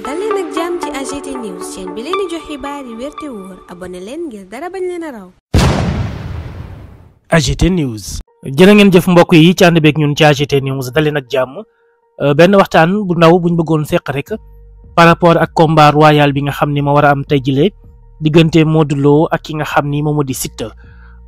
dal leen ak ci AGT news chaîne bi leen di jox xibaar yi wér te ngeen jëf mbokk yi ci ànd beeg ñun ci AGT news dal leen ak jàmm euh, benn waxtaan bu ndaw buñ bëggoon seq rek par rapport ak combat royal bi nga xam ni ma war a am tey jile diggante Modou Lo ak ki nga xam ni moom moo di Siteu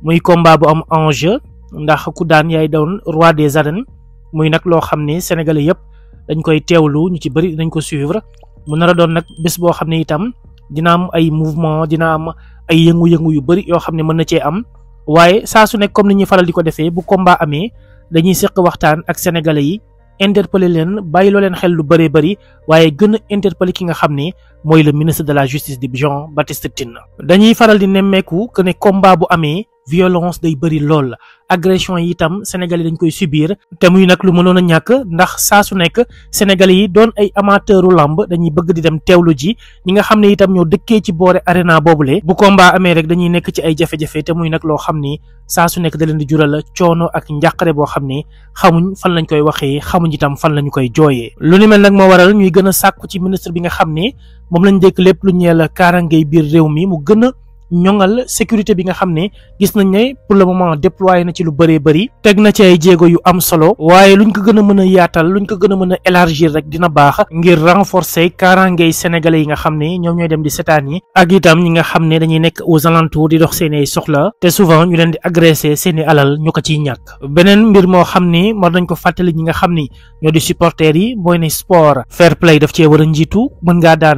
muy combat bu am enjeu nda ku daan yaay doon roi des arènes muy nag loo xam ne sénégalais yëpp dañ koy teewlu ñu ci bëri dañ ko suivre mu nar doon nag bés boo xam ne itam dina am ay mouvement dina am ay yëngu-yëngu yu bëri yoo xam ne mën na cee am waaye saa su nekk comme ni ñuy faral di ko defee bu combat amee dañuy seq waxtaan ak sénégalais yi interpeller leen bàyyi loo leen xel lu bëree bari waaye gën a interpeller ki nga xam ne mooy le ministre de la justice di Jean Baptiste Tine. dañuy faral di nemmeeku que ne combat bu amee violence day bëri lool agression yi itam sénégalais dañ koy subir te muy nag lu mënoon a ñàkk ndax saa su nekk sénégalais yi doon ay amateuru lamb dañuy bëgg di dem teewlu ji ñi nga xam ne itam ñoo dëkkee ci boore boobu le bu combat amee rek dañuy nekk ci ay jafe-jafe te muy nag loo xam ni saa su nekk da leen di jural coono ak njàqare boo xam ni xamuñ fan lañ koy waxee xamuñ itam fan lañu koy jooyee. lu ni mel nag moo waral ñuy gën a sàkku ci ministre bi nga xam ne moom lañ dékk lépp lu ñeel kaaraangey biir réew mi mu gën a ñoŋal sécurité bi nga xam ne gis nañ ne pour le moment na ci lu bëree bëri teg na ci ay jéego yu am solo waaye luñ ko gën a mën a yaatal luñ ko gën a mën a élargir rek dina baax ngir renforcer kaaraangey sénégalais yi nga xam ne ñoom ñooy dem di setaan yi ak itam ñi nga xam ne dañuy nekk aux alentours di dox seen i soxla te souvent ñu leen di agressé seen i alal ñu ko ciy ñàkk beneen mbir moo xam ne war nañ ko fàttali ñi nga xam ni ñoo di supporters yi mooy ne sport fair play daf cee war a njiitu mën ngaa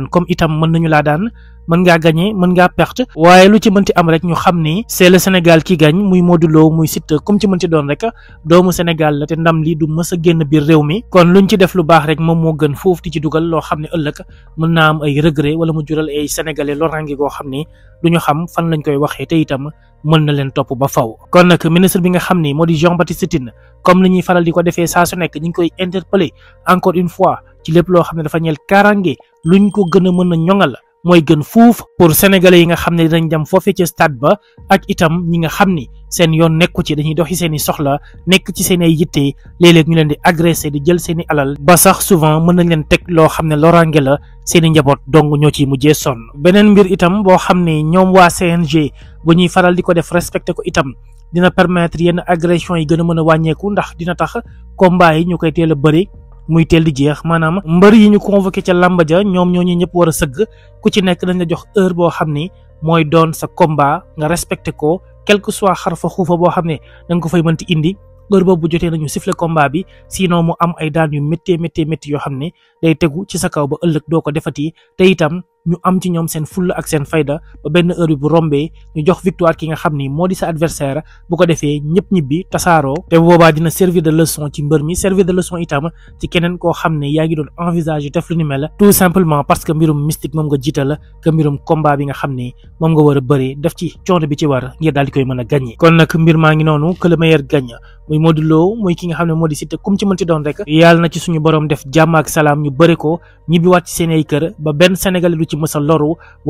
mën nañu laa daan mën ngaa gagné mën ngaa perte waaye lu ci mënti am rek ñu xam ni c'est le Sénégal qui gañ muy Modou Lo muy Siteu comme ci mënti doon rek doomu Sénégal la te ndam li du mës a génn biir réew mi kon luñ ci def lu baax rek moom moo gën foofu di ci dugal loo xam ne ëllëg mën naa am ay regret wala jural ay sénégalais lorange goo xam ni du ñu xam fan lañu koy waxee te itam mën na leen topp ba faw kon nag ministre bi nga xam ni moo di Jean Baptiste Tine comme ni ñuy faral di ko defee saa su nekk ñu ngi koy interpeller encore une fois ci lépp loo xam ne dafa ñeel kaaraange luñ ko gën a mën a ñoŋal mooy gën fuuf pour sénégalais yi nga xam ne dañ dem foofe ca stade ba ak itam ñi nga xam ni seen yoon nekku ci dañuy doxi seen i soxla nekk ci seen ay yitte léeg ñu leen di agressé di jël seeni i alal ba sax souvent mën nañ leen teg loo xam ne loraange la seen i njaboot dong ñoo ciy mujjee sonn beneen mbir itam boo xam ne ñoom waa CNG bu ñuy faral di ko def respecté ko itam dina permettre yenn agression yi gën a mën a wàññeeku ndax dina tax combat yi ñu koy teel a bëri muy teel di jeex maanaam mbër yi ñu convoqué ca làmba ja ñoom ñooñu ñëpp war a sëgg ku ci nekk dañ la jox heure boo xam ni mooy doon sa combat nga respecté ko quel que soit xar fa xuufa boo xam ne da ko fay mënti indi heure boobu bu jotee nañu sifflé combat bi sinon mu am ay daan yu méttee méttee métti yoo xam ni day tegu ci sa kaw ba ëllëg doo ko defati tey itam ñu am ci ñoom seen fulla ak seen fayda ba benn heure bi bu rombee ñu jox victoire ki nga xam ni moo di sa adversaire bu ko defee ñëpp ñibbi tasaaroo te boobaa dina servir de leçon ci mbër mi servir de leçon itam ci keneen koo xam ne yaa ngi doon envisager def lu ni mel tout simplement parce que mbirum mystique moom nga jiital que mbirum combat bi nga xam ne moom nga war a bëree def ci coono bi ci war ngir daal di koy mën a gagné kon nag mbir maa ngi noonu que le meilleur gagne muy Modou Lo muy ki nga xam ne moo di Siteu kum ci mën ci doon rek yàlla na ci suñu borom def jàmm ak salaam ñu bëri ko ñibbiwaat ci seen ay kër ba benn sénégalais du ci ci mës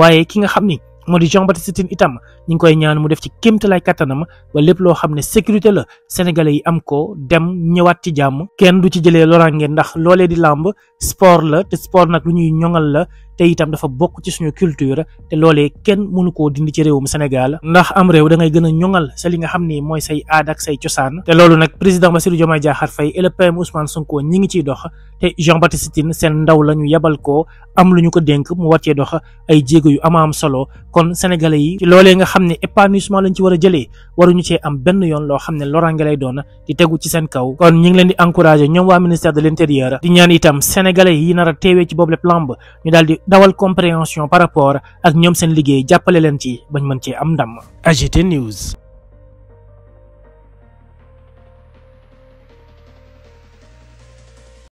waaye ki nga xam ni moo di Jean Baptiste itam ñu ngi koy ñaan mu def ci kéemtalaay kattanam ba lépp loo xam ne sécurité la sénégalais yi am ko dem ñëwaat ci jàmm kenn du ci jëlee loraange ndax loolee di làmb sport la te sport nag lu ñuy ñoŋal la te itam dafa bokk ci suñu culture te loole kenn mënu koo dindi ci réewum Sénégal ndax am réew da ngay gën a ñoŋal sa li nga xam ni mooy say aada ak say cosaan te loolu nag président Bassirou Diomaye Diakhar Faye et le PM Ousmane Sonko ñi ngi ciy dox te Jean Baptiste Tine seen ndaw la ñu yebal ko am lu ñu ko dénk mu war dox ay jéego yu ama am solo kon sénégalais yi ci loolee nga xam ne épanouissement lañ ci war a jëlee ñu cee am benn yoon loo xam ne loraange lay doon di tegu ci seen kaw kon ñu ngi leen di encouragé ñoom waa ministère de l' di ñaan itam sénégalais yi nar a teewee ci boobu lépp lamb ñu daal di dawal compréhension par rapport ak ñoom seen liggéey jàppale leen ci bañ mën cee am ndam AGT News